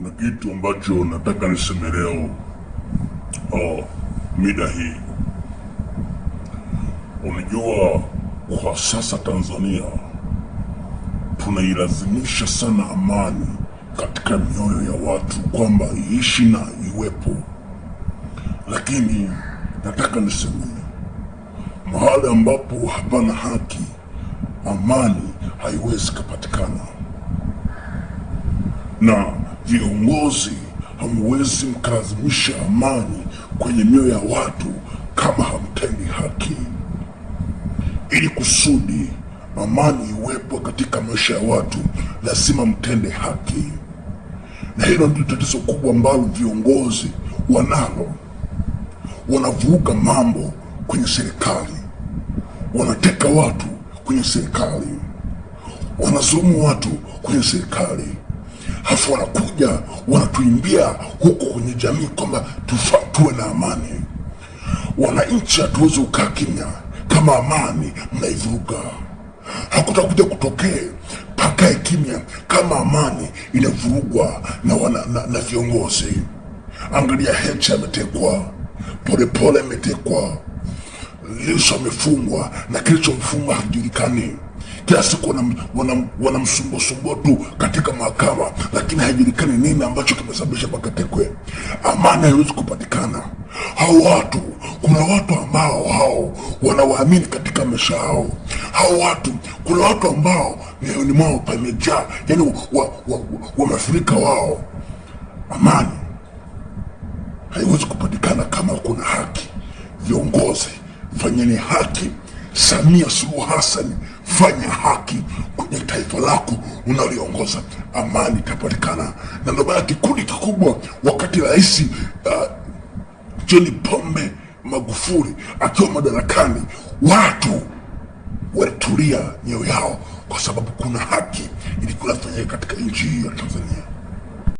kuna kitu ambacho nataka niseme leo oh, mida hii. Unajua, kwa sasa Tanzania tunailazimisha sana amani katika mioyo ya watu kwamba iishi na iwepo, lakini nataka niseme mahali ambapo hapana haki, amani haiwezi kupatikana na Viongozi hamwezi mkalazimisha amani kwenye mioyo ya watu kama hamtendi haki. Ili kusudi amani iwepo katika maisha ya watu, lazima mtende haki, na hilo ndio tatizo kubwa ambalo viongozi wanalo. Wanavuruga mambo kwenye serikali, wanateka watu kwenye serikali, wanazulumu watu kwenye serikali hafu wanakuja wanatuimbia huko kwenye jamii kwamba tuwe na amani. Wananchi hatuwezi kukaa kimya kama amani mnaivuruga. Hakutakuja kutokee pakae kimya kama amani inavurugwa na, na, na, na viongozi. Angalia, hecha ametekwa, Polepole ametekwa, Lissu amefungwa na kilichomfungwa hakijulikani kila siku wanamsumbuasumbua tu katika mahakama, lakini haijulikani nini ambacho kimesababisha mpaka tekwe. Amani haiwezi kupatikana. Hao watu, kuna watu ambao hao wanawaamini katika maisha yao. Hao watu, kuna watu ambao mioyoni mwao pamejaa, yani wamefurika wa, wa, wa wao. Amani haiwezi kupatikana kama kuna haki. Viongozi, fanyeni haki. Samia Suluhu Hassan, fanya haki kwenye taifa lako unaliongoza, amani itapatikana. Na ndio maana kikundi kikubwa, wakati rais uh, John Pombe Magufuli akiwa madarakani, watu walitulia nyoyo yao, kwa sababu kuna haki ilikuwa inafanyika katika nchi hii ya Tanzania.